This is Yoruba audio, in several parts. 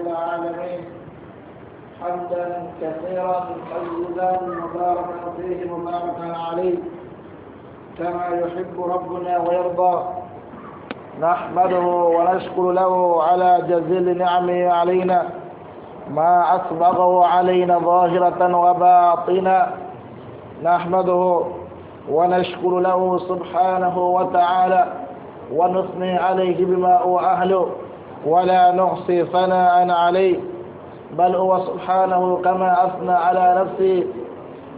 العالمين حمدا كثيرا طيبا مباركا فيه مباركا عليه كما يحب ربنا ويرضى نحمده ونشكر له على جزيل نعمه علينا ما أسبغه علينا ظاهرة وباطنا نحمده ونشكر له سبحانه وتعالى ونثني عليه بما هو أهله ولا نحصي ثناء عليه بل هو سبحانه كما أثنى على نفسه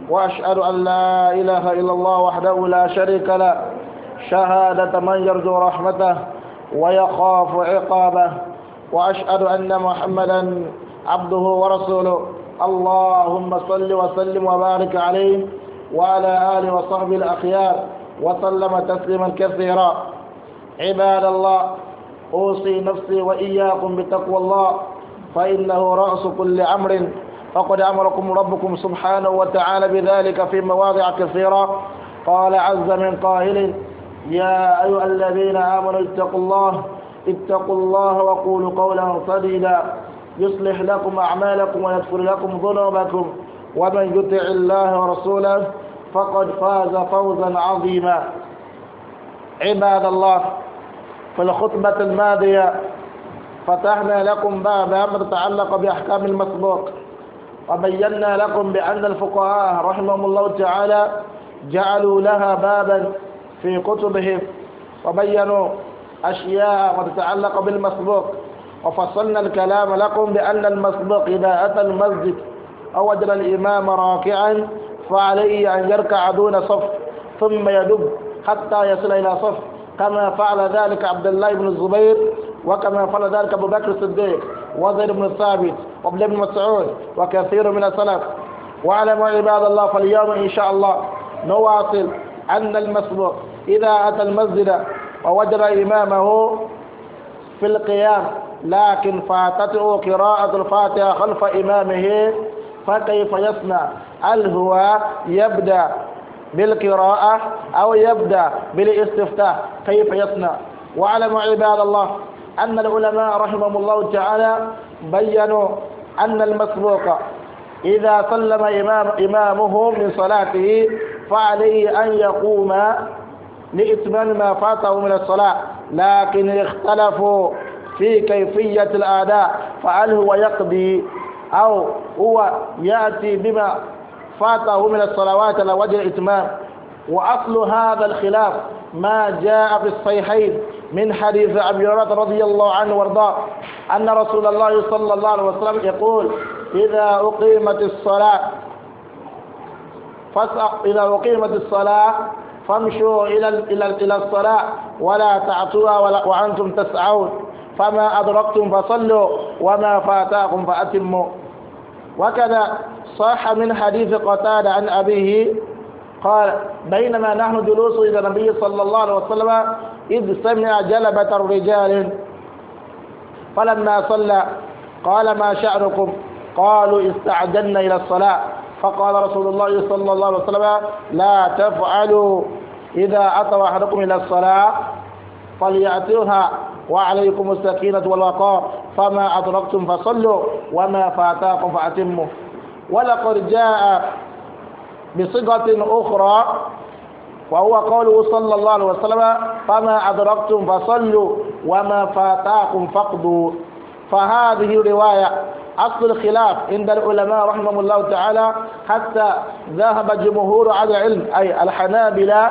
وأشهد أن لا إله إلا الله وحده لا شريك له شهادة من يرجو رحمته ويخاف عقابه وأشهد أن محمدا عبده ورسوله اللهم صل وسلم وبارك عليه وعلى آله وصحبه الأخيار وسلم تسليما كثيرا عباد الله أوصي نفسي وإياكم بتقوى الله فإنه رأس كل أمر فقد أمركم ربكم سبحانه وتعالى بذلك في مواضع كثيرة قال عز من قائل يا أيها الذين آمنوا اتقوا الله اتقوا الله وقولوا قولا سديدا يصلح لكم أعمالكم ويغفر لكم ذنوبكم ومن يطع الله ورسوله فقد فاز فوزا عظيما عباد الله في الخطبة الماضية فتحنا لكم بابا متعلق بأحكام المسبوق وبينا لكم بأن الفقهاء رحمهم الله تعالى جعلوا لها بابا في كتبهم وبينوا أشياء وتتعلق بالمسبوق وفصلنا الكلام لكم بأن المسبوق إذا أتى المسجد أو وجد الإمام راكعا فعليه أن يركع دون صف ثم يدب حتى يصل إلى صف كما فعل ذلك عبد الله بن الزبير وكما فعل ذلك أبو بكر الصديق وزيد بن الثابت وابن بن مسعود وكثير من السلف واعلموا عباد الله فاليوم إن شاء الله نواصل أن المسبوق إذا أتى المسجد ووجد إمامه في القيام لكن فاتته قراءة الفاتحة خلف إمامه فكيف يصنع هل هو يبدأ بالقراءة أو يبدأ بالاستفتاح كيف يصنع واعلموا عباد الله أن العلماء رحمهم الله تعالى بيّنوا أن المسبوق إذا سلم إمام إمامه من صلاته فعليه أن يقوم لإتمام ما فاته من الصلاة لكن اختلفوا في كيفية الأداء فهل هو يقضي أو هو يأتي بما فاته من الصلوات على وجه الإتمام وأصل هذا الخلاف ما جاء في الصحيحين من حديث أبي هريرة رضي الله عنه وارضاه أن رسول الله صلى الله عليه وسلم يقول إذا أقيمت الصلاة إذا أقيمت الصلاة فامشوا إلى إلى إلى الصلاة ولا تعتوها وأنتم تسعون فما أدركتم فصلوا وما فاتاكم فأتموا وكذا صح من حديث قتادة عن أبيه قال بينما نحن جلوس إلى النبي صلى الله عليه وسلم إذ سمع جلبة الرجال فلما صلى قال ما شأنكم قالوا استعجلنا إلى الصلاة فقال رسول الله صلى الله عليه وسلم لا تفعلوا إذا أتوا أحدكم إلى الصلاة فليأتوها وعليكم السكينة والوقار فما أدركتم فصلوا وما فاتاكم فأتموا ولقد جاء بصيغة أخرى وهو قوله صلى الله عليه وسلم فما أدركتم فصلوا وما فاتاكم فاقضوا فهذه رواية أصل الخلاف عند العلماء رحمهم الله تعالى حتى ذهب جمهور على العلم أي الحنابلة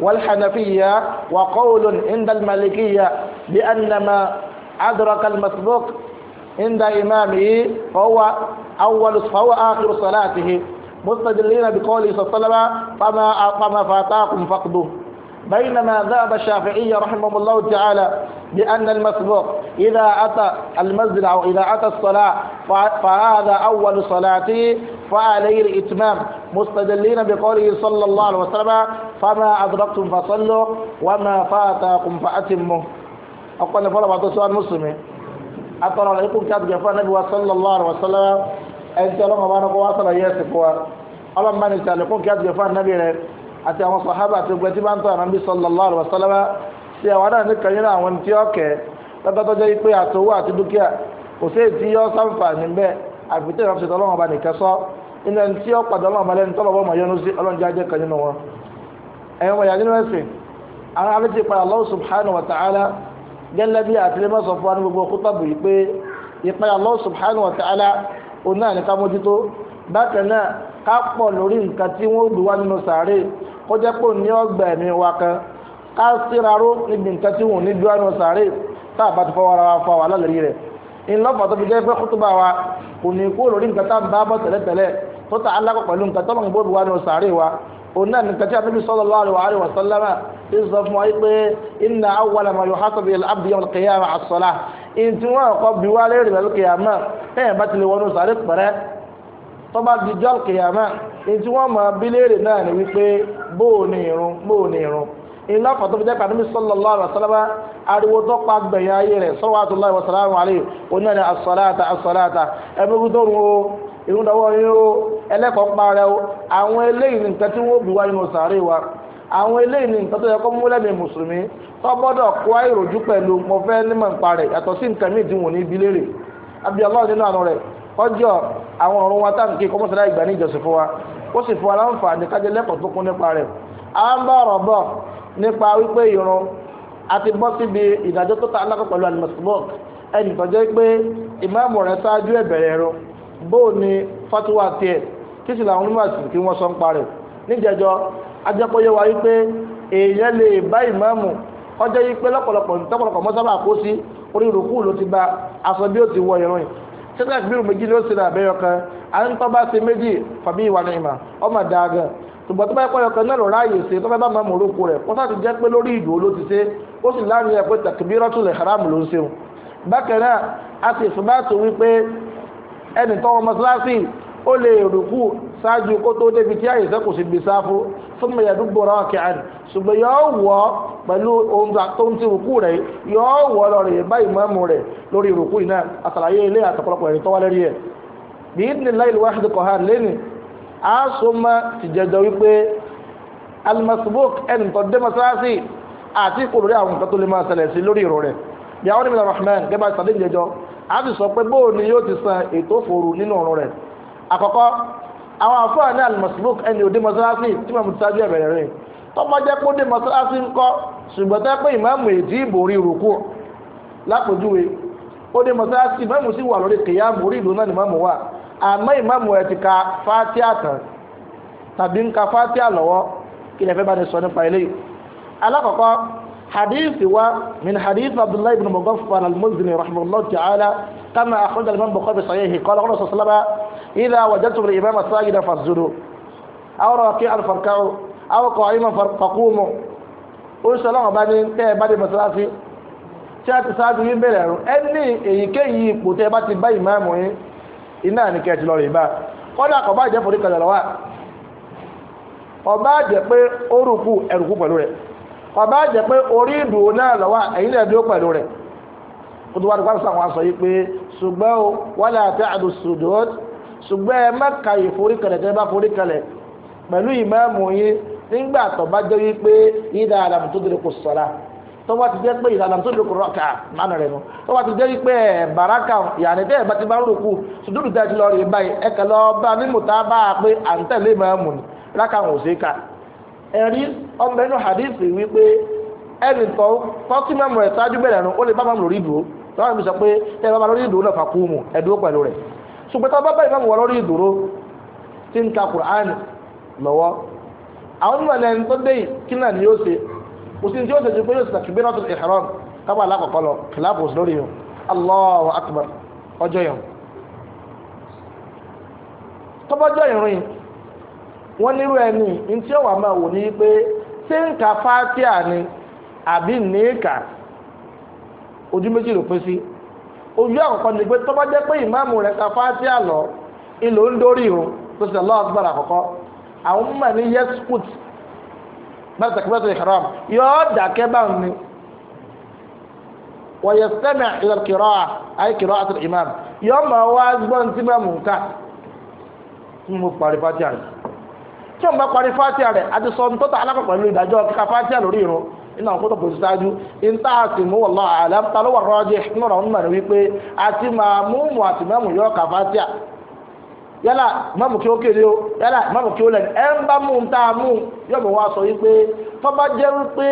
والحنفية وقول عند المالكية بأن ما أدرك المسبوق عند إمامه فهو أول فهو آخر صلاته مستدلين بقوله صلى الله عليه وسلم فما فما فاتاكم فقدوه بينما ذهب الشافعي رحمه الله تعالى بأن المسبوق إذا أتى المسجد أو إذا أتى الصلاة فهذا أول صلاته فعليه الإتمام مستدلين بقوله صلى الله عليه وسلم فما أدركتم فصلوا وما فاتكم فأتموا أقول فلا بعض السؤال المسلم أترى عليكم كاتب جفا النبي صلى الله عليه وسلم أنت لما بانك واصل ياسف ألم من يسألكم كاتب جفا النبي àti àwọn sàhábà àti ogun ẹtí bá ń tọ́ ànábì sallallahu alaihi wasallam sí àwọn náà ní kẹyìn àwọn tí ó kẹ lọ́tọ́tọ́ jẹ́ pé àtòwò àti dúkìá kò sí èyí tí yọ sáǹfààní bẹ́ẹ̀ àfitẹ́ ìrọ̀pù ṣètò ọlọ́run ọba nìkan sọ iná tí ó padà ọlọ́run ọba lẹ́nu tọ́lọ̀ wọ́n mọ̀ yọnu sí ọlọ́run jáde kan nínú Allah subhanahu wa ta'ala gẹ́lẹ́ bí àtìlẹ́mọ̀ sọ fún wa ní gbogbo kútà Allah subhanahu wa ta'ala òun náà ní ká mójútó bákan náà ká pọ̀ lórí nǹkan kó jẹ́ pé ní ọgbà ẹ̀mí wa kan ká síra ró níbi nǹkan tí wọn ò ní ju ẹnu sàárè tá a bá ti fọwọ́ ara wa fọ àwọn alálẹ̀ rí rẹ̀ ńlọ́fà tó fi jẹ́ pé kútùbà wa kò ní kó lórí nǹkan tá a bá bọ̀ tẹ́lẹ̀tẹ́lẹ̀ tó ta alákọ̀ pẹ̀lú nǹkan tọ́mọ̀ ìbò wa ní sàárè wa òun náà nǹkan tí a níbi sallallahu alaihi wa sallama ti sọ fún wa pé inna awwala ma yuhasabu al-abdu yawm al-qiyamah as bí wa lérè lọ́lọ́kẹ̀yàmà bẹ́ẹ̀ bá ti lè wọnú sàárè pẹ̀rẹ́ tọba dijọ́ kìyàmá ní tí wọ́n máa bí léèrè náà ni wípé bóò ní irun bóò ní irun iná fàtó fi jẹ́ pàdé mi sallallahu alaihi wasallam ariwo tó pa gbẹ̀yìn ayé rẹ̀ salawatullahi wa salamu alayhi oní ẹni as-salata as-salata ẹgbẹ́gbẹ́ tó o yín o ẹlẹ́kọ̀ọ́ parẹ́ o àwọn eléyìí tí wọ́n bí sàárè wa àwọn eléyìí ní nǹkan tó yẹ kó mú lẹ́mí mùsùlùmí tó gbọ́dọ̀ kó àìròjú pẹ̀lú ọjọ́ àwọn ọ̀run wa táà kí kọmọ́sílá ìgbà ní ìjọsìn fún wa ó sì fún aláǹfààní kájẹ lẹ́kọ̀ọ́ tó kún nípa rẹ̀ a ń bá ọ̀rọ̀ bọ̀ nípa wípé ìrun àti bọ́ síbi ìdájọ́ tó ta alákọ̀ pẹ̀lú alimasibok ẹni tó jẹ́ pé ìmáàmù rẹ̀ ṣáájú ẹ̀bẹ̀rẹ̀ ẹ̀rọ bóò ni fatuwa tiẹ̀ kí sì làwọn onímọ̀sí kí wọ́n sọ ń parẹ̀ níjẹjọ́ ajẹ́pọ̀yẹ wa wípé èèyàn lè bá ìmáàmù ọjọ́ yìí pé lọ́pọ̀lọpọ̀ tọ́pọ̀lọpọ̀ mọ́sábà kó sí orí ìrùkú ló ti ba aṣọ bí ó ti wọ ìrun yìí sai za ka biyu mai gini wasu da bai yaka an ta ba sai méjì fami wa ni ma o ma da gan ṣùgbọ́n tó bá pẹ́ ọkàn náà lọ ráàyè ṣe tó bá bá máa mọ̀rọ̀ kó rẹ̀ kó sáà ti jẹ́ pé lórí ìdúró ló ti ṣe ó sì láàrin ẹ̀ pé takbiratul ihram ló ń ṣeun bákan náà a sì fún bá tó wípé ẹnì tọwọ́ mọ́ṣáláṣí ó lè rùkú ṣáájú kó tó débi tí àyè sẹ́kù sí gbèsè fún súnmọ́ yẹ̀dúgbò rọ́ọ̀kì àn ṣùgbọ́n yóò wọ̀ pẹ̀lú ohun tó ń ti rùkú rẹ̀ yóò wọ̀ lọ rẹ̀ báyìí mọ́mú rẹ̀ lórí rùkú iná àtàlàyé ilé àtọ̀pọ̀lọpọ̀ ẹ̀rí tọ́wọ́ lérí ẹ̀ bí ní láìlú wáṣídì kọ̀hán lẹ́nu a so mọ́ ti jẹjọ wípé almasbuk ẹni tó dé masáàsì àti ìkòrò rẹ̀ àwọn nǹkan tó lè máa ṣẹlẹ̀ sí lórí ìrò rẹ̀ yàwó ní mílíọ̀nù rahman gẹ́gbà sàdé jẹjọ a ti sọ pé bóò ni yóò ti san ètò òfòrò nínú ọ̀rọ̀ rẹ̀ àkọ́kọ́ àwọn àfáà ní al-masbuq ẹni òde mọ́sálásí tí wọ́n mú ti sáájú ẹ̀bẹ̀rẹ̀ rẹ̀ tọ́pọ̀ jẹ́ pé òde mọ́sálásí ń kọ́ ṣùgbọ́n tẹ́ pé ìmáàmù èdè ìbòrí rùkú lápòjúwe òde mọ́sálásí ìmáàmù sì wà lórí kìyà borí ìlú náà ni ìmáàmù wà àmọ́ ìmáàmù ẹ̀ ti ka fátíà tán tàbí ń ka fátíà lọ́wọ́ kí lè fẹ́ bá ní sọ nípa eléyìí alákọ̀ọ́kọ́ hadith wa min hadith abdullahi ibn mughaffal al muzni rahimahullah ta'ala كما أخرج الإمام البخاري في صحيحه قال قال صلى الله عليه وسلم إذا وجدتم الإمام ساجدا فاسجدوا أو راكعا فاركعوا أو قائما فقوموا oríṣi ọlọ́run bá ní tẹ́ ẹ bá dé mọ́sálásí tí a ti ṣáájú yín bẹ̀rẹ̀ ẹ̀rùn ẹ ní èyíkéyìí ipò tẹ́ ẹ bá ti bá ìmáàmù yín iná ní kẹ́ ẹ ti lọ rè bá kọ́dà kọ́ bá jẹ́ forí kalẹ̀ lọ́wọ́ ọba jẹ́ pé ó rùkú ẹ̀rùkú pẹ̀lú rẹ̀ ọba jẹ́ pé orí ìdùnnú náà lọ́wọ́ ẹ̀yìn náà dúró pẹ̀lú rẹ̀ kó tó wá dùkú àṣà wọn sọ yìí pé ṣùgbọ́n o wálé àti àdùn sùdùn ṣùgbọ́n ẹ má ka ìforíkalẹ̀ tẹ́ bá foríkalẹ̀ pẹ̀lú ìmáàmù yín nígbà tó bá jẹ́ wípé ìdá àlàmù tó dèrè kò sọ̀la tó bá ti jẹ́ pé ìdá àlàmù tó dèrè kò rọ̀kà mánu rẹ̀ nu tó bá ti jẹ́ wípé ẹ̀ bàrákà yàrá tẹ́ ẹ̀ bá ti bá rúkú sùdúrù tẹ́ ti lọ rí báyìí ẹ̀ kẹ́ lọ bá tá a bá a pé à ń tẹ̀lé ìmáàmù ni rákà wọn ò ká ẹ̀rí ọmọ ẹnu hadisi wípé ẹnì kan kọ́kí mọ́mù rẹ̀ ṣáájú bẹ̀rẹ̀ nu ó lè bá mọ́mù lórí dùn láwọn ìbísọ̀ pé bá lórí ìdúró náà pẹ̀lú rẹ̀ a bá bá ìmáàmù wọ lórí ìdúró tí ń ka Qur'an lọ́wọ́ àwọn tó dé kí náà ni yóò ṣe kò sí tí yóò ṣe ju pé yóò ṣe kábà alákọ̀ọ́kọ́ lọ kìláàbù sí lórí Allahu akbar ọjọ́ yẹn ìrìn nírú ẹni ní tí ó wà máa wò ní pé ṣé ń ka ojú méjì ló pín sí ojú àkọ́kọ́ ni pé tó bá jẹ́ pé ìmáàmù rẹ̀ ka fáti àlọ́ ìlò ń dórí irun tó sì lọ́wọ́ agbára àkọ́kọ́ àwọn mọ̀ ní yẹ́sùkùt mẹ́tẹ̀kẹ́tẹ̀ ìhàrám yóò dàkẹ́ bá ní wọ́n yẹ sẹ́mẹ̀ ìlọ kìrọ́ àyè kìrọ́ àti ìmáàmù yóò mọ̀ wá gbọ́n tí mẹ́mù ń kà ń mú parí fáti àrẹ̀ tí wọ́n bá parí fáti àrẹ̀ àti sọ́ńtọ́tà alákọ̀ọ́ pẹ̀lú ìdájọ́ kíka fáti àlórí irun nínú àwọn kótó pèsè ṣáájú níta àti mú wallahu a'lam ta ló wà rajih nínú ọ̀rọ̀ nínú wípé àti máa mú mú àti mẹ́mú yọ ka yálà mọ́mù kí ó kéde o yálà mọ́mù kí ó lẹ̀ ẹ̀ ń bá mú un tá a mú un yóò wa sọ wípé fọba jẹ́ wípé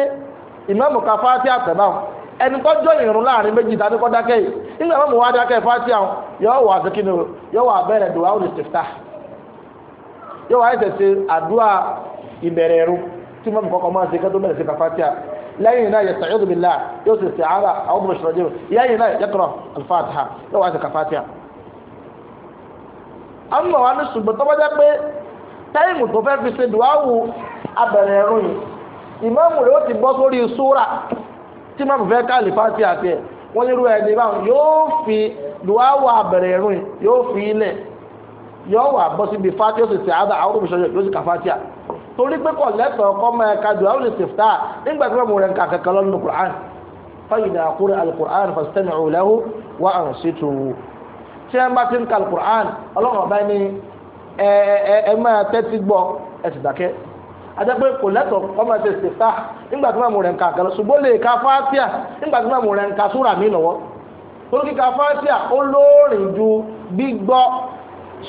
ìmọ̀mù ka fátíà tẹ̀lá ẹni tó jọ ìrún láàrin méjì tàbí kọ́ dákẹ́ yìí nígbà wa dákẹ́ yóò wà sí kí ni o yóò wà tí mọ́mù kọ́kọ́ máa ṣe kẹ́tọ́ bẹ̀rẹ̀ sí kàfátíà lẹ́yìn náà yẹ sàyẹ́dù bí láà yóò sì sì ara àwọn ọmọ ìṣòro jẹ́ lẹ́yìn náà yẹ kọ́rọ̀ alfáàtà yóò wá sí kàfátíà. àmọ́ wa ní ṣùgbọ́n tó bá jẹ́ pé táìmù tó fẹ́ fi ṣe dùwáwù abẹ̀rẹ̀ ẹ̀rù yìí ìmáàmù rẹ̀ ó ti bọ́ sórí súrà tí mọ́mù fẹ́ ká alfáàtà àti ẹ̀ wọ́n nírú ẹni báwọn yóò fi dùwáwù abẹ̀rẹ̀ ẹ̀rù yìí yóò fi ilẹ̀ yóò wà bọ́ síbi fátíà ó sì sì ara àwọn ọmọ ìṣòro yóò sì kàfátíà torí pé kò lẹ́tọ̀ ọkọ máa ka dùn àwọn ìsìftà nígbà tí wọ́n mú rẹ̀ ń ka kẹ̀kẹ́ lọ́nà Qur'an fàyìnà àkúrẹ́ alukur'an fastami'u lahu wa ansitu tí wọ́n bá ti ń ka alukur'an ọlọ́run ọba ní ẹ ẹ ẹ máa tẹ́tí gbọ́ ẹ sì dákẹ́ adẹ́pẹ́ kò lẹ́tọ̀ ọkọ máa ti ìsìftà nígbà tí wọ́n mú rẹ̀ ń ka ṣùgbọ́n lè ka fátíà nígbà tí wọ́n mú rẹ̀ ń ka súrà lọ́wọ́ torí kíka fátíà ó lóòrìn ju gbígbọ́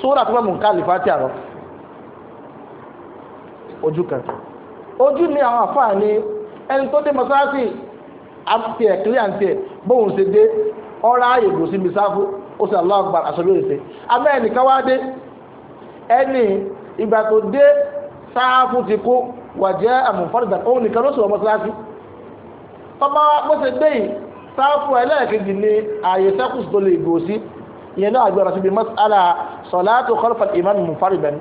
súrà tí wọ́n mú ń lè fátíà lọ ojú kan ojú ni àwọn àfáà ni ẹni tó dé mọ́sáàsì àti ẹ̀kílẹ̀ àti ẹ̀ bóun ṣe dé ọ̀rá àyègbò sí misáfù ó sì Allahu Akbar àṣọ yóò ṣe abẹ́ ẹnìkan wá dé ẹni ìgbà tó dé sáfù ti kú wàjẹ́ àmùfọ́dìdà òun nìkan ló sọ̀rọ̀ mọ́sáàsì tọ́ba bó ṣe dé yìí sáfù ẹlẹ́ẹ̀kejì ni ààyè sẹ́kùsù tó lè gbò sí ìyẹn náà àgbẹ̀rọ̀ síbi mọ́sálà sọ̀lá tó kọ́lọ́fà ìmáàmù mùfárìdà ni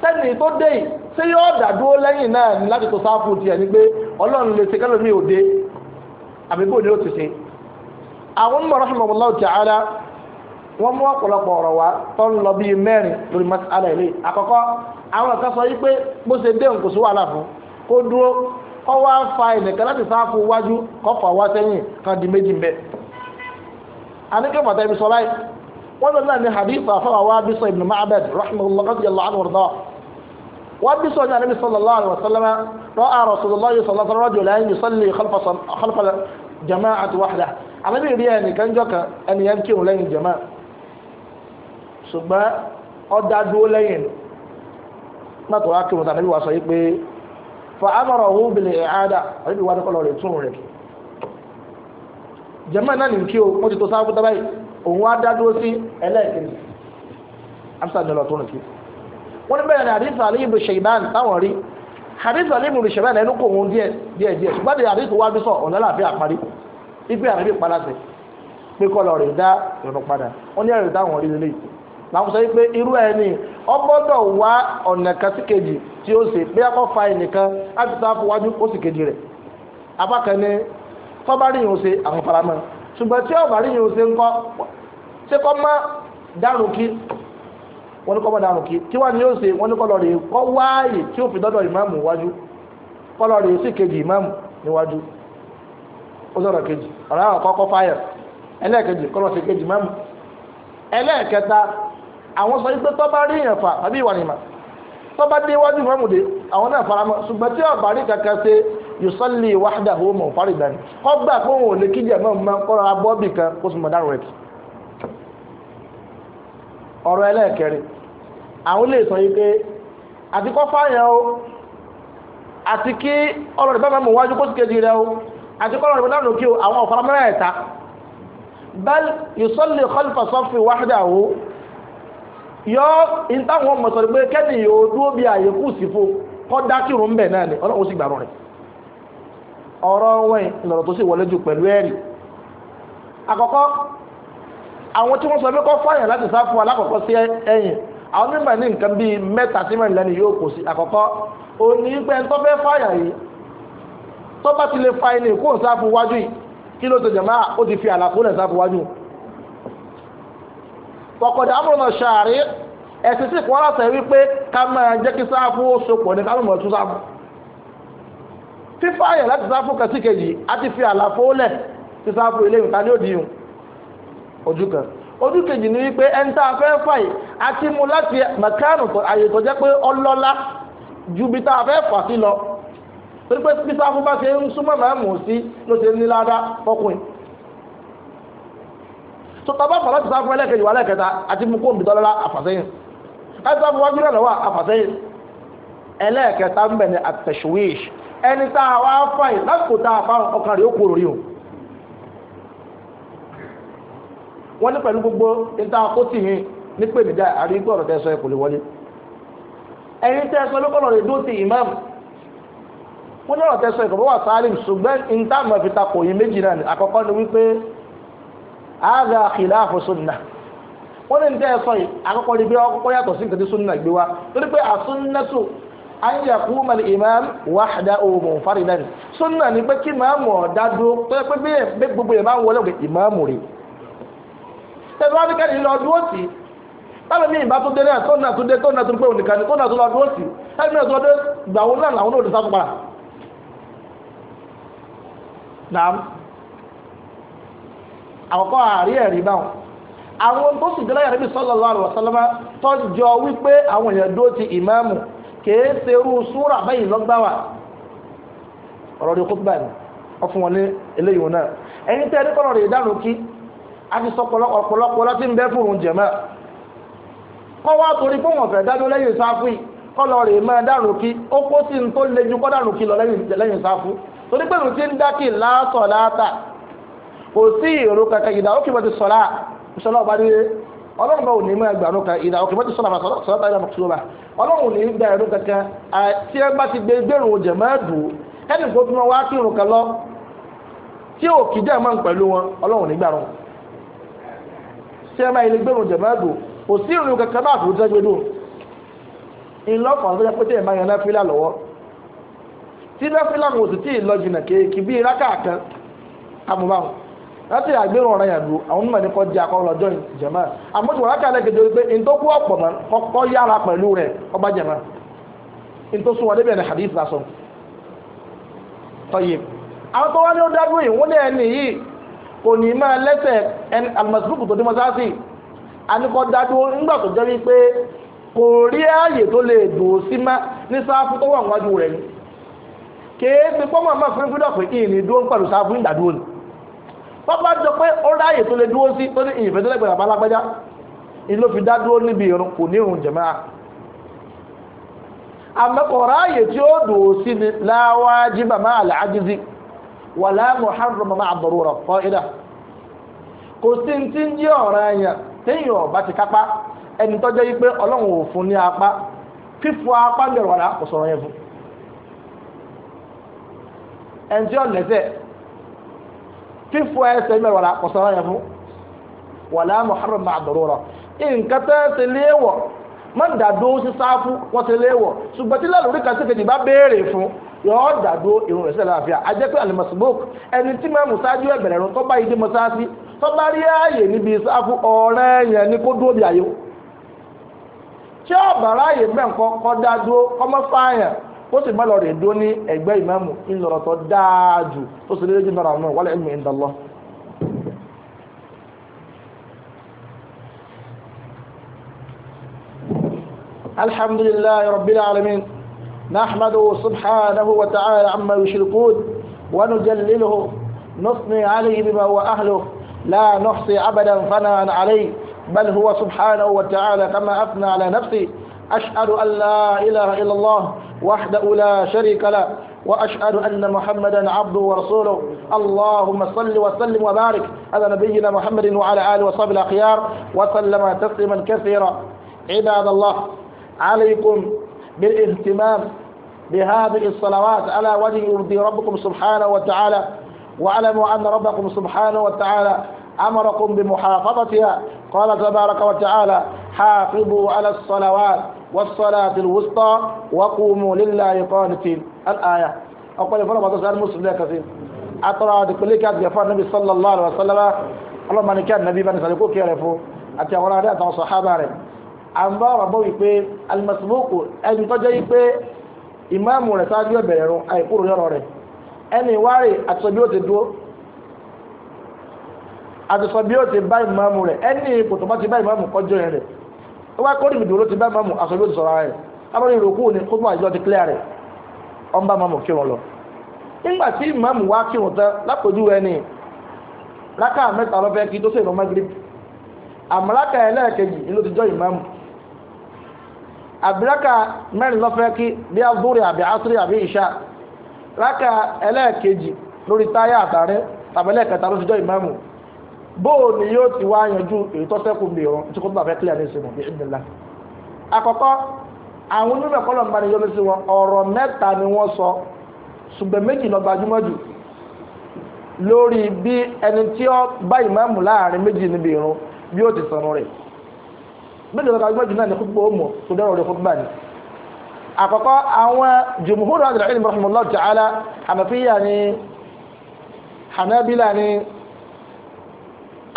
sẹ́ni tó dé yìí ṣé yóò dàdúró lẹ́yìn náà ní láti tó sáfù tiẹ̀ ni pé ọlọ́run lè ṣe kẹ́lẹ́ mi ò dé àbí bó ó ti ṣe. àwọn mọ̀rọ̀ rahimahullahu ta'ala wọ́n mú ọ̀pọ̀lọpọ̀ ọ̀rọ̀ wá tó ń lọ bíi mẹ́rin lórí mas'ala ilé àkọ́kọ́ àwọn kan sọ yí bó ṣe dé nǹkó sí wàhálà fún kó dúró wá fa ìnìkan láti sáfù wájú fà wá sẹ́yìn kan di méjì mbẹ́. ibi sọ wọ́n lọ وابي سؤال النبي صلى الله عليه وسلم راى رسول الله صلى الله عليه وسلم رجلا يصلي خلف خلف جماعه وحده على بي يعني كان جوكا ان يبكي لين الجماعه ṣùgbọ́n ọ̀dà dúró lẹ́yìn mọ́tò wá kí wọn tàbí wà sọ yìí pé fa amọ̀rọ̀ òun bìlẹ̀ ẹ̀hádà àbíbi wà nípa lọ́rẹ̀ tún rẹ̀ jẹ́mọ̀ náà nìkí o wọ́n ti tó sáfù tábàyì òun wá dá dúró sí ẹlẹ́ẹ̀kejì amsa nílọ tó nìkí wọ́n ní bẹ́ẹ̀ ni àdìsí àlẹ́ ibùdó ṣèyíbáàn táwọn rí àdìsí àlẹ́ ibùdó ṣèyíbáàn ẹnu kò wọn díẹ̀ díẹ̀ díẹ̀ ṣùgbọ́n àdìsí àdìsí wa bí sọ ọ̀nà láàfin àparí ipe àrẹ́bí palasẹ̀ pé kọ́lọ̀ rẹ̀ dá ìrọ̀rùn padà wọ́n ní ẹ̀rọ táwọn rí lélẹ̀ làwọn sọ pé irú ẹni ọgbọ́dọ̀ wá ọ̀nà kan sí kejì tí ó ṣe bí akọ́ fa ẹnìkan láti sá fún wájú ó sì kejì rẹ̀ abákanni tọ́bárìyàn ṣe àwọn faramọ́ ṣùgbọ́n tí ọ̀bárìyàn ṣe ń kọ́ ṣe kọ́ má dárò kí wọ́n ní kọ́ bọ́dà àrùn kí tí wà ní yóò ṣe wọ́n ní kọ́ lọ rèé kọ́ wáàyè tí ó fi dọ́dọ̀ ìmáàmù wájú kọ́ lọ rèé sí kejì ìmáàmù níwájú ó sọ̀rọ̀ kejì ọ̀rọ̀ àwọn kọ́kọ́ fáyà ẹlẹ́ẹ̀kejì kọ́ lọ sí kejì ìmáàmù ẹlẹ́ẹ̀kẹta àwọn sọ wípé tọ́ bá rí èèyàn fà àbí ìwà nìmà tọ́ bá dé iwájú ìmáàmù dé àwọn náà faramọ́ ṣùgbọ́n tí ọ̀bà rí kankan ṣe yusalli wahdahu munfaridan kọ́ gbà pé òun ò lè kíjì ẹ̀mọ́ mọ́ kọ́ lọ́ra bọ́ọ̀bì kan kó sì mọ̀ dárò rẹ̀ ọ̀rọ̀ ẹlẹ́ẹ̀kẹrin àwọn lè sọ yìí pé àti kọ́ fáyẹ̀ o àti kí ọ̀rọ̀ rẹ̀ bá mẹ́mọ̀ wájú kó sì kejì rẹ̀ o àti kọ́ ọ̀rọ̀ rẹ̀ dáná kí o àwọn ọ̀fọ̀rọ̀ mẹ́rẹ̀ ẹ̀ta bal yusalli khalfa safi wahdahu yọ ìtàwọn ọmọ sọ̀rọ̀ pé kẹ́ni yóò dúró bí àyè kù sí fún kọ́ dákìrún ń bẹ̀ náà ni ọlọ́run sì gbàrún rẹ̀ ọ̀rọ̀ wẹ̀ ìlọ̀rọ̀ tó sì wọlé ju pẹ̀lú ẹ̀rí àkọ́kọ́ àwọn tí wọ́n sọ pé kọ́ fàyàn láti sá fún alákọ̀ọ́kọ́ sí ẹ̀yìn àwọn mímọ̀ ní nǹkan bíi mẹ́ta sí mẹ́rin lẹ́nu yóò kò sí àkọ́kọ́ òní pé ń tó fẹ́ fàyàn yìí tó bá ti lè fa ẹni kó sá fún wájú yìí kí ló ti jẹ̀má ó ti fi àlàfo lẹ̀ sá fún wájú. wọ́kọ̀dà amúnà ṣàárẹ̀ ẹ̀sìn sì kọ́ láti rí pé ká máa jẹ́ kí sáfù ó sopọ̀ ní kálùmọ̀ tún sáfù. fífàyàn láti sáfù kẹsíkejì á ti fi àlàfo lẹ̀ sí sáfù ilé ìta ní òdìyàn ojú kan ojú kejì ni wípé ẹni tá a fẹ́ fà yìí àti mu láti mẹkánù àyè tó jẹ́ pé ọlọ́lá ju bí tá a fẹ́ fà sí lọ torí pé bí sáfù bá ṣe ń súnmọ́ mẹ́mù sí ló ṣe ní ládàá fọkùnrin tó tọ́ bá fà láti sáfù ẹlẹ́kẹ̀jì wà lẹ́kẹta àti mu kóńbì tọ́lọ́lá àfàsẹ́yìn láti sáfù wájú náà lọ́wọ́ àfàsẹ́yìn ẹlẹ́kẹta ń bẹ̀ ní àtẹ̀ṣùwíṣ ẹni tá a wá fà yìí lásìkò tá a fà ọkàn rẹ̀ ó kúrò rí o. wọ́n ní pẹ̀lú gbogbo níta kó tì yín ní pèmídà àrígbọ́ ọ̀rọ̀ tẹ́sọ ẹ̀kọ́ lè wọlé ẹ̀yin tẹ́sọ ló kọ́ lọ́rọ̀ ti imam wọ́n ní ọ̀rọ̀ tẹ́sọ ẹ̀kọ́ bó wà sálìm ṣùgbọ́n níta mọ̀ fi ta kò yín méjì náà ni àkọ́kọ́ ni wípé àgà khilafu sunna wọ́n ní níta ẹ̀sọ yìí àkọ́kọ́ ni bí ọkọ́ yàtọ̀ sí nǹkan tí sunna gbé wa torí pé àsunnatu an yakuma al-imam wahdahu munfaridan sunna ni pé kí màmú ọ̀dá dúró pé gbogbo yẹn máa ń wọlé òkè ìmáàmù rèé tẹ̀sí wá ní kẹ́ni lọ dúró sí táwọn míì bá tún dé tó dé tó náà tún pé òun nìkan ni tó náà tún lọ dúró sí ẹni náà tún lọ dé gbà wọn náà làwọn náà ò lè sá fún padà. nàám àkọ́kọ́ àárí ẹ̀rí báwọn àwọn tó sì délẹ̀ yàrá sallallahu alaihi wasallam tọ́jọ wípé àwọn èèyàn dúró ti ìmáàmù kèé serú súrà báyìí lọ́gbàwà ọ̀rọ̀ rẹ̀ kó báyìí ọ fún wọn ní eléyìí wọn náà ẹni tẹ́ ẹni kọ́nà rẹ̀ dànù kí a ti sọ ọ̀pọ̀lọpọ̀ lọ́tí ń bẹ́ fún òun jẹ̀mọ́ kọ́ wá torí pé wọ́n fẹ́ dájú lẹ́yìn sáfù yìí kọ́ lọ rè mọ́ dànù kí ó kó sí ní tó le ju kọ́ dànù kí lọ lẹ́yìn sáfù torí pé òun ti ń dákì láàtọ̀ láàtà kò sí ìrò kankan ìdá ó kì bọ́ ti sọ̀rọ̀ ìṣọ́lá ọba ní ọlọ́run bá òní mọ́ ẹgbàánu kan ìdá òkè bọ́ ti sọ̀rọ̀ sọ̀rọ̀ tàbí àmọ̀ tìlọ́ba ọlọ́run òní gba ẹ̀rú kankan tí ẹ bá ti gbé gbèrò jẹ̀mọ́ ẹ̀dùn kẹ́nìkan tó máa wá kírun kan lọ tí òkì jẹ́ mọ́ pẹ̀lú wọn tí ẹ máa ilé gbẹ̀rún jẹ̀mọ́ ẹ̀dùn kò sí ìrìn kankan náà àfòrútẹ́ gbẹdùn ńlọ́kàn tó yẹ pé máa yan lọ́wọ́ tí kò sì tí ì lọ jìnnà kéèkì bíi rákàkán amúbáwọn láti àgbérun ọ̀rọ̀ yàn àwọn onímọ̀ ní kọ́ akọ́ lọ́jọ́ jẹ̀mọ́ àmójúwò rákàlẹ̀ kejì pé ntọ́kú ọ̀pọ̀ mọ́ yára pẹ̀lú rẹ̀ ọba jẹ̀mọ́ ntọ́sùn wọn débìyàn hadith lásán tọ́yìn àwọn tó wá ní ó yìí wọ́n ní ẹni yìí kò ní máa lẹ́sẹ̀ ẹni àlùmọ̀sílùkù tó dé àníkọ́ dájú nígbà tó jẹ́ wípé kò rí ààyè tó lè dùn sí má ní sáfù tó wà rẹ̀ ni kèé ti pọ́nmọ́ máa fún fúdọ̀ pé ìní dúró ń pẹ̀lú sáfù pápá jọ pé ó lè dúró sí tó ní ìfẹ́ tẹ́lẹ̀gbẹ̀rẹ̀ wàlá muharram ma'a darura fa'ida kò sí ti ń jẹ́ ọ̀ràn àyàn téèyàn ọ̀bá ti kápá ẹni tó jẹ́ wípé ọlọ́run ò fún ní apá fífọ apá ń bẹ̀rù wàlá kò sọ̀rọ̀ yẹn fún ẹni tí ó lẹ́sẹ̀ fífọ ẹsẹ̀ ń bẹ̀rù wàlá kò sọ̀rọ̀ yẹn fún wàlá muharram yọọ dàdó irun rẹ̀ sílẹ̀ àfíà ajẹ́ pé ẹni tí mẹ́mú ṣáájú ẹ̀bẹ̀rẹ̀ rún tọ́ba yìí dé mọ́sáàsì tọ́ba rí ààyè níbi ìsáfù yẹn ni kó dúró bí àyè tí ọ̀bàrà ààyè mẹ́ǹkọ́ kọ́ dá dúró kọ́mọ́ fáyàn ó sì má lọ rè dúró ní ẹ̀gbẹ́ ìmáàmù ńlọrọ̀tọ̀ dáa jù sì lédè náírà náà نحمده سبحانه وتعالى عما يشركون ونجلله نثني عليه بما هو أهله لا نحصي أبدا ثناء عليه بل هو سبحانه وتعالى كما أثنى على نفسه أشهد أن لا إله إلا الله وحده لا شريك له وأشهد أن محمدا عبده ورسوله اللهم صل وسلم وبارك على نبينا محمد وعلى آله وصحبه الأخيار وسلم تسليما كثيرا عباد الله عليكم بالاهتمام بهذه الصلوات على وجه يرضي ربكم سبحانه وتعالى واعلموا أن ربكم سبحانه وتعالى أمركم بمحافظتها قال تبارك وتعالى حافظوا على الصلوات والصلاة الوسطى وقوموا لله قانتين الآية أقول فلما تسأل مسلم لك كثير أترى لكل كاتب النبي صلى الله عليه وسلم اللهم أن كان النبي بني سلكوك يعرفه àti àwọn ará àtàwọn sọ̀hábà rẹ̀ à ń bá ìmáàmù rẹ̀ sáájú ẹ̀bẹ̀rẹ̀ rún àìkúrò yọ̀rọ̀ rẹ̀ ẹni ìwárè àti sọ bí ó ti dúró àti sọ bí ó ti bá ìmáàmù rẹ̀ ẹni ipò tó bá ti bá ìmáàmù kọjọ́ yẹn rẹ̀ ó wá kórìí ìdúró ti bá ìmáàmù àti sọ bí ó ti sọ̀rọ̀ rẹ̀ lábọ́n ìrókù ni kó tó àjọ ti clear rẹ̀ ọ̀n bá ìmáàmù kírun lọ. nígbà tí ìmáàmù wá kírun tán lápòjú ẹni lákà mẹ́ta lọ́fẹ́ kí tó sì àbíràkà mẹ́rin lọ́fẹ́ kí bí azúrì àbí asúrì àbí ìṣá rákà ẹlẹ́ẹ̀kejì lórí táyà àtàrẹ tàbẹ́lẹ̀ kẹta ló fijọ́ ìmáàmù bóò ni yóò ti wá yanjú èyí tó sẹ́kù mi rán tí kò tó bàbá kílíà ní ìsinmi bí ìdílá àkọ́kọ́ àwọn onímọ̀ kọ́lọ̀ ń bá ní yọ́nú sí wọn ọ̀rọ̀ mẹ́ta ni wọ́n sọ ṣùgbọ́n méjì lọ gbajúmọ̀ jù lórí bí ẹni tí ó bá ìmáàmù láàrin méjì níbi ìrun bí ó ti sọ̀rọ̀ rẹ̀ mélòó kan gbọ́dọ̀ náà ní kútùbà ó mọ̀ tó dẹ́rọ̀ rẹ̀ kútùbà ni. àkọ́kọ́ àwọn jùmùhúrò àdìrà ìlú rahimahullah ta'ala hànàfíyà ni hànàbílà ni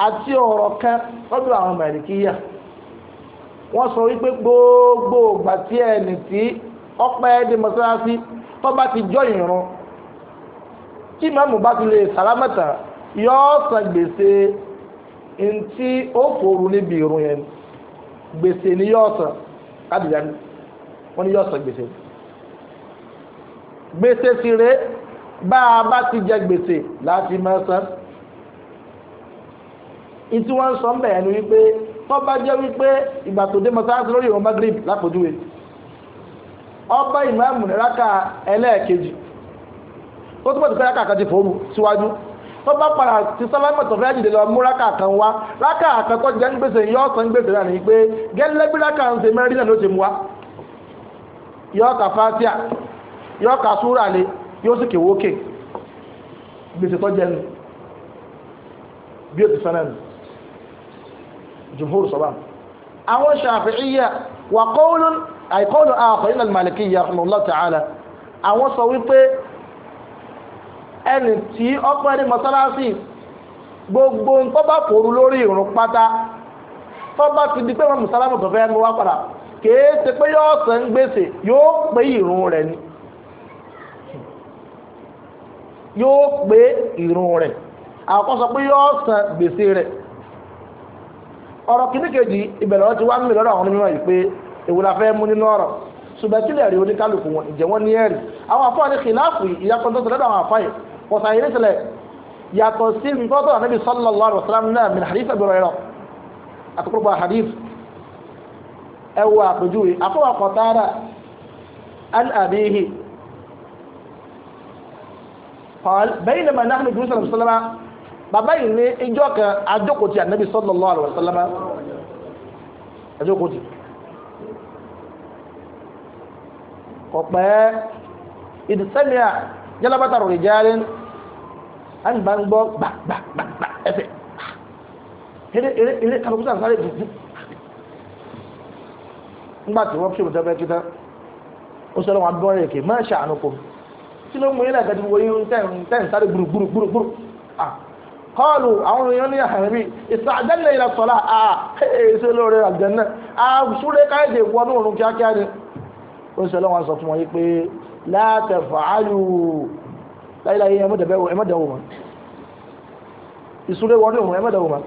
àti ọ̀rọ̀ kan lọ́dọ̀ àwọn màlìkíyà wọ́n sọ wípé gbogbo ìgbà tí ẹni tí ọpẹ́ dé mọ́sálásí tó bá mẹ́mù bá ti lè sàlámẹ́ta yọ́ san gbèsè ntí ó fòrú níbi ìrun yẹn gbèsè ni yóò sàn kádìjà ni wọ́n ní yóò sàn gbèsè gbèsè sì rè bá a bá ti jẹ gbèsè láti máa san ìtí wọ́n ń sọ ń bẹ̀rẹ̀ wípé tó bá jẹ́ wípé ìgbà tó dé mọ́sáàsì lórí ìwọ̀n magrib lápòjúwe ọba ìmáàmù ní rákà ẹlẹ́ẹ̀kejì ó túbọ̀ tó fẹ́ rákà kan ti fòórù síwájú. Si tó bá padà ti sálámà tó fẹ́ dìde lọ mú rákà kan wá rákà kan tó jẹ́ ń gbèsè yọ ọ̀sán gbèsè náà ní pé gẹ́lẹ́ bí rákà ń ṣe mẹ́rin náà ló ṣe mú wa yọ ọ̀ka fatia yọ ọ̀ka súrà lé yóò sì kéwó kè gbèsè tó jẹ́ nu bí o ti sọ nù jùmhúrù sọ́bà àwọn Ṣàfi'íyà wà qawlun ay qawlu akhar min al-Malikiyya rahimahullah àwọn sọ wípé ẹni tí ọpẹ́ ní mọ́sálásí gbogbo nǹkan bá fòru lórí ìrun pátá tó bá ti di pé wọn mùsálàmù tó fẹ́ mú wá padà kèé ṣe pé yóò san gbèsè yóò pé ìrun rẹ̀ ni yóò pé ìrun rẹ̀ àkọ́kọ́ sọ pé yóò san gbèsè rẹ̀ ọ̀rọ̀ kìíní kejì ìbẹ̀rẹ̀ wọn ti wá mímì lọ́dọ̀ àwọn onímọ̀ yìí pé èwo la fẹ́ mú nínú ọ̀rọ̀ ṣùgbọ́n kí lè rí oníkálukú wọn ìjẹ́ ní ẹ̀rí àwọn afọ́ ní kìláàfù ìyàpọ̀ tó sọ àwọn afọ́ yìí kọ̀sà yìí nísìlẹ̀ yàtọ̀ sí ntọ́tọ̀ ànábì sallallahu alaihi wasallam náà min hadith Abu Hurairah àtúkùrùgbà hadith ẹwọ àpèjúwe àfọwà kọ̀tàrà an abihi qal baynama nahnu julusan nabi sallama bàbá yìí ní ijọ́ kan ajókòtì ànábì sallallahu alaihi wasallam ajókòtì kọ̀pẹ́ ìdìsẹ́mìà jalabata rijalin An a ní bá ń gbọ́ gbàgbàgbà ẹsẹ̀ eré eré eré kàlùkùtà sáré dùdú nígbà tí wọ́n fi ṣòwò tẹ́fẹ́ kíta ó sọ lọ́wọ́ abúlé rẹ̀ kì í má ṣàánú kò tí ló ń mú yín láti wọ yín tẹ́ǹ sáré gbùrùgbùrùgbùrù kọ́ọ̀lù àwọn èèyàn ní àhàmì ìsàdánilẹ̀ ìlà sọ́lá à èso lóore àjẹ́nà àṣúré káyọ̀dé wọnú òrùn kíákíá ni ó sọ lọ́wọ́ sọ fún wọn yí pé látẹ̀fọ́ àlù láyéláyé ẹ mọ̀dẹ̀bẹ̀ wò ẹ mọ̀dẹ̀wò wọn ìsúlẹ̀ wọlé wọn ẹ mọ̀dẹ̀wò wọn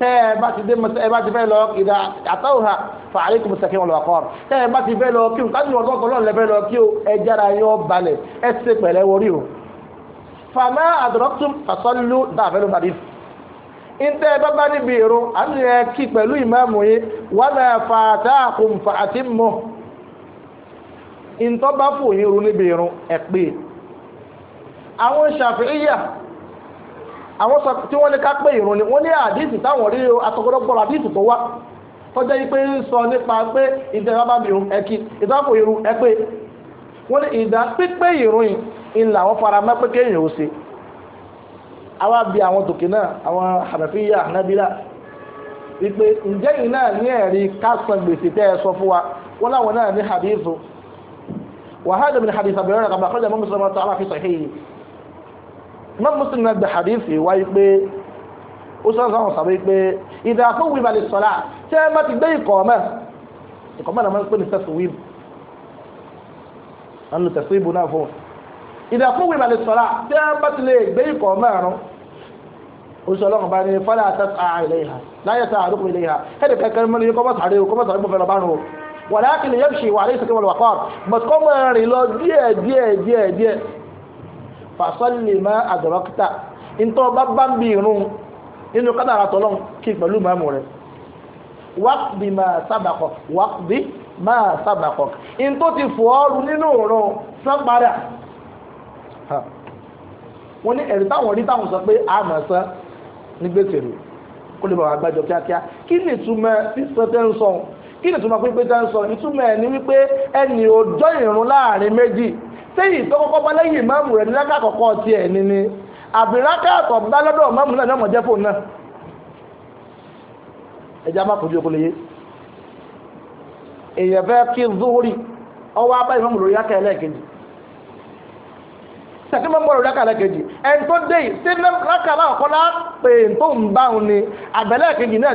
tẹ́ ẹ bá ti dé mọ́tẹ́ ẹ bá ti fẹ́ lọ ìdá àtàwọn ha fàálẹ́ kò mọ̀tẹ́ kí wọn lọ àkọ́rọ̀ tẹ́ ẹ bá ti fẹ́ lọ kí o kájú wọn tọ́tọ́ lọ́nà lẹ́fẹ́ lọ kí o ẹ jára yọ balẹ̀ ẹ ṣe pẹ̀lẹ́ wọrí o fàmà àdúrótún fàṣọlù dàbẹ́lú nàbí ntẹ́ ẹ bá bá níbi ìrún àmì kí pẹ̀lú ìmáàmù yìí wà á fàtà àkùnfà àti mọ́ ntọ́ bá fò yín rú níbi ìrún ẹ̀ àwọn ṣàfihàn àwọn tí wọ́n ní ká pé ìrun ni wọ́n ní àdìsí táwọn rí atọ́gọ́dọ́gbọ́n àdìsí tó wá tọ́jọ́ yìí ń sọ nípa pé ìjọba bá epe. wọ́n ní ìdá pípé ìrun yìí fara mọ́ pé kéèyàn ose. ipe imam muslim náà gba hadithi wáyé pé ó sọ sọ́wọ́n sàbí pé ìdá tó wí balẹ̀ sọ́lá tí ẹ má ti gbé ìkọ̀ mẹ́ ìkọ̀ mẹ́ náà máa ń pè ní taswib à ń lo taswib náà fún ìdá tó wí balẹ̀ sọ́lá tí ẹ má ti lè gbé ìkọ̀ mẹ́rin ó sọ lọ́kàn bá ní fọ́lá àtàkà ilé ìhà láyé tá àdókò ilé ìhà ẹ̀ẹ́dẹ̀ kẹ́kẹ́ mọ́lẹ́ yìí kọ́mọ́sà rẹ̀ kọ́mọ́sà rẹ̀ bọ̀fẹ́ lọ bá rùn wàlákìlì yẹ́bùsì wà ní ìsìnkú wà kọ́ but kọ́mọ́ rìn lọ díẹ̀ díẹ̀ díẹ̀ fasalli ma adrakta ntọ́ bá bá ń bi irun nínú kádàrà tọ́lọ́n kí pẹ̀lú màmú rẹ̀ waqdi ma sabaqa waqdi ma sabaqa ntọ́ ti fọ́ ọ́rù nínú òrùn sán padà wọ́n ní ẹ̀rí táwọn rí táwọn sọ pé àmọ̀ sán ní gbèsè rè kó lè bá wà gbàjọ kíákíá kí ni ìtumọ̀ sísọ tẹ́ ń sọ kí ni ìtumọ̀ pípé tẹ́ ń sọ ìtumọ̀ ẹ̀ wípé ẹnì òjọ́ ìrún láàrin méjì sẹ́yìn tó kọ́kọ́ bá lẹ́yìn ìmáàmù rẹ̀ níláka àkọ́kọ́ tiẹ̀ ní ni àbíláka bá lọ́dọ̀ ìmáàmù náà ní jẹ́ fóònù náà ẹja má fẹ́ kí ọwọ́ abá ìmáàmù lórí ẹlẹ́ẹ̀kejì aka ẹlẹ́ẹ̀kejì ẹn tó dé lápè tó ń bá òun ni àbẹ̀lẹ́ẹ̀kejì náà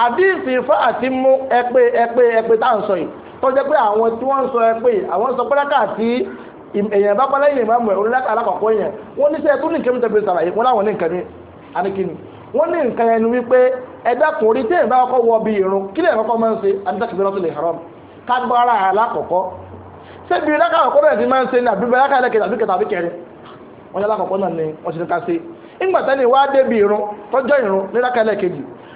àdìsí ifá àti mú ẹpẹ ẹpẹ ẹpẹ tá à ń sọ yìí tó jẹ́ pé àwọn tí wọ́n ń sọ ẹpẹ àwọn sọ pẹ́lẹ́kà àti èèyàn bá pẹ́lẹ́ yìí ìmáàmù ẹ̀ onílẹ́kà alákọ̀ọ́kọ́ yẹn wọ́n ní sẹ́yìn tó ní nǹkan tẹ̀lé sàlàyé wọn láwọn ní nǹkan ní anikini wọ́n ní nǹkan yẹn ni wípé ẹ̀dá kò rí téèyàn bá kọ́kọ́ wọ bí irun kí lèèyàn kọ́kọ́ máa ń ṣe adídàkìdọ́rọ́tìlè haram kágbára alákọ̀ọ́kọ́ ṣé bí iláka àkọ́kọ́ bẹ̀rẹ̀ ti máa ń ṣe ní àbí bẹ̀rẹ̀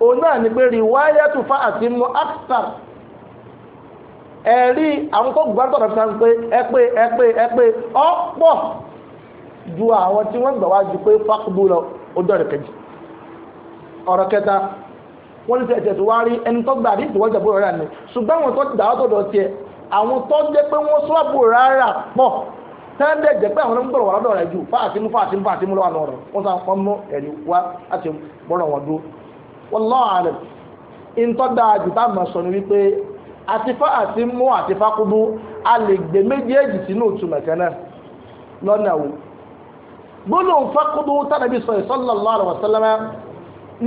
òun náà ni pé rìwáyà tó fa àti mú akthar ẹ̀rí àwọn tó gbà tọ̀dọ̀ fi hàn pé ẹ pé ẹ pé ẹ pé ọ̀pọ̀ ju àwọn tí wọ́n gbà wá ju pé fákúbù lọ ó dọ̀rọ̀ kejì ọ̀rọ̀ kẹta wọ́n ní tẹ̀tẹ̀ tó wá rí ẹni tó gbà àdìsí wọ́n jẹ̀bú rárá ni ṣùgbọ́n àwọn tó ti dà ọ́ tọ̀dọ̀ tiẹ̀ àwọn tó jẹ́ pé wọ́n sọ́ọ̀bù rárá pọ̀ tẹ́lẹ̀ jẹ́ pé àwọn onígbọ̀rọ̀ wà lọ́dọ̀ rẹ̀ ju fáàtìmú fáàtìmú fáàtìmú lọ́wọ́ àná ọ̀rọ̀ wọ́n sọ àwọn ọmọ ẹ̀rí wá láti bọ́rọ̀ wọn dúró wallahu alam ìtọ́gbà àjùtá mọ̀ sọ ni wípé àtifá àti mú àtifá kúdú a lè gbé méjèèjì sínú ìtumọ̀ kan náà lọ́nà wo gbólóhùn fákúdú tánàbí sọ sallallahu alaihi wasallam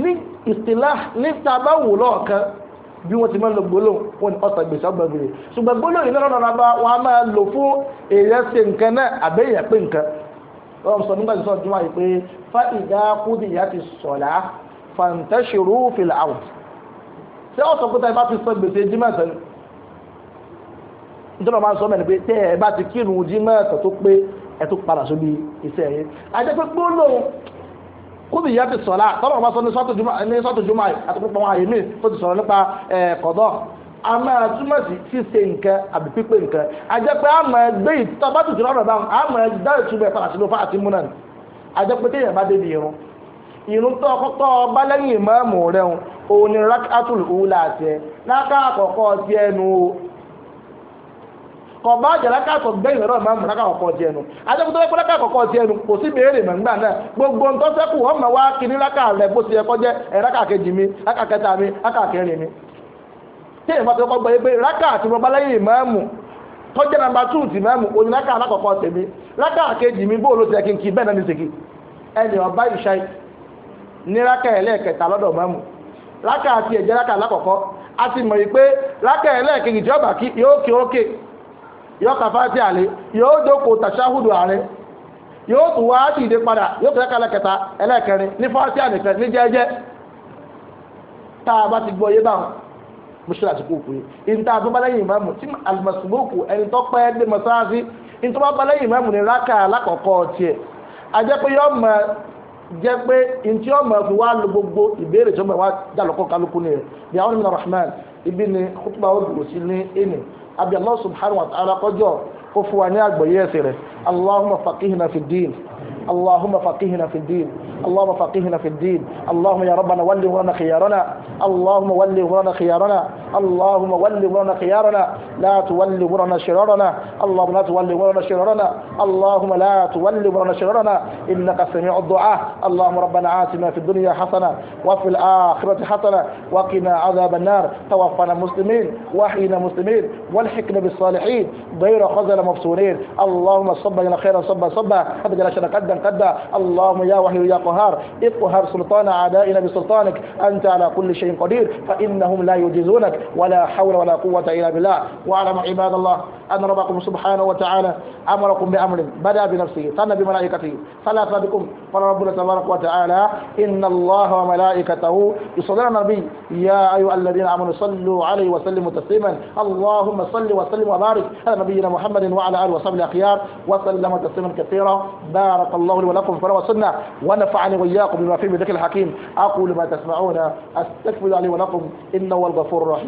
ní ìtìlá ní tàbá wò lọ́ọ̀kan bí wọ́n ti máa ń lo gbólóhùn wọn ni ọ̀sán gbèsè ọgbà gbèrè ṣùgbọ́n gbólóhùn yìí lọ́nà ọ̀nà bá wọn a máa lò fún èèyàn ṣe nǹkan náà àbẹ́yẹ̀ pé nǹkan wọ́n sọ nígbà tí sọ́ọ́ fàǹtẹ́ṣirú fìlà out ṣé ọ̀sọ̀ pé tẹ́ ẹ bá ti sọ gbèsè jimá tẹ́lẹ̀ nítorí wọn máa ń sọ mẹ́rin pé tẹ́ ẹ bá ti kírun jimá tẹ́ tó pé ẹ tó padà sóbi iṣẹ́ yẹn àti pé gbólóhùn kóbi ìyá ti sọ̀la tọ́lọ̀ wọn sọ ní sọ́tò jùmọ̀ àti púpọ̀ wọn àyè mí tó ti sọ̀rọ̀ nípa kọ̀dọ̀ a máa túmọ̀ sí ṣíṣe nǹkan àbí pípé nǹkan àjẹpẹ́ a máa gbé ìtọ́ bá tuntun lọ́rọ̀ báwọn a máa dá ìtumọ̀ ẹ̀ padà sínú fáàtì múnà àjẹpẹ́ téèyàn bá débi irun ìrún tó ọkọ́tọ́ ọba lẹ́yìn ìmáàmù rẹ̀ ń òun ni rákàtúl òwúlà tiẹ̀ láká àkọ́kọ́ ti ẹnu o kọ̀ọ̀bá jẹ́ láká àkọ́kọ́ gbẹ̀yìn rẹ̀ ìmáàmù láká àkọ́kọ́ ti ẹnu adébútọ́ pé láká àkọ́kọ́ ti ẹnu kò sí béèrè mọ̀ngbà náà gbogbo ń tọ́sẹ́kù ọmọ wa kiri láká rẹ̀ bó ti yẹ kọ́ jẹ́ ẹ̀ láká kejì mi láká kẹta mi láká kẹrin mi tí èèyàn bá ti kọ́ gbọ́ yé pé láká àti ọba lẹ́yìn ìmáàmù tọ́jẹ́ nàmbà tù tì mẹ́mù òní láká alákọ̀ọ́kọ́ tèmi láká mi bóòlù tẹ̀kí kì bẹ́ẹ̀ ní rákà ẹlẹ́ẹ̀kẹta lọ́dọ̀ mọ́mù rákà àti ẹ̀jẹ̀ rákà lákọ̀ọ́kọ́ a ti mọ̀ wípé rákà ẹlẹ́ẹ̀kejì tí ó bá kí yóò kí ókè yóò ka fáti àlè yóò dókòó tàṣáhùdù ààrẹ yóò tún wá dìde padà yóò kí rákà ẹlẹ́ẹ̀kẹta ẹlẹ́ẹ̀kẹrin ní ní jẹ́jẹ́ tá a bá ti gbọ́ yé báwọn mùsùlùmí àti kókò yìí tá a bá lẹ́yìn jẹ́ pé ntí ọmọ ẹ̀fọ́ wa lo gbogbo ìbéèrè tí ọmọ ẹ̀fọ́ wa dà lọ́kọ́ kálukú ni bí àwọn ènìyàn rahman ibi ni kútùbà ó dùn sí ní ẹnì àbí allah subhanahu wa ta'ala kọjọ kó fún wa ní àgbọ́yé ẹ̀sìn rẹ̀ allahumma fakihina fi din اللهم فقهنا في الدين اللهم فقهنا في الدين اللهم يا ربنا ول امورنا خيارنا اللهم ول امورنا خيارنا اللهم ول امرنا خيارنا لا تول امرنا شرارنا اللهم لا تول امرنا شرارنا اللهم لا تول امرنا شرارنا انك سميع الدعاء اللهم ربنا آتنا في الدنيا حسنه وفي الاخره حسنه وقنا عذاب النار توفنا مسلمين وحينا مسلمين والحكم بالصالحين غير خزل مفتونين اللهم صب لنا خيرا صبا صبا قد جل شر قد قد اللهم يا وحي يا قهار اقهر سلطان اعدائنا بسلطانك انت على كل شيء قدير فانهم لا يجيزونك ولا حول ولا قوة إلا بالله واعلموا عباد الله أن ربكم سبحانه وتعالى أمركم بأمر بدأ بنفسه ثنى بملائكته ثلاث بكم قال ربنا تبارك وتعالى إن الله وملائكته يصلون على النبي يا أيها الذين آمنوا صلوا عليه وسلموا تسليما اللهم صل وسلم وبارك على نبينا محمد وعلى آله وصحبه الأخيار وسلم تسليما كثيرا بارك الله لي ولكم في وسنة ونفعني وإياكم بما فيه من ذكر الحكيم أقول ما تسمعون أستغفر لي ولكم إنه هو الغفور الرحيم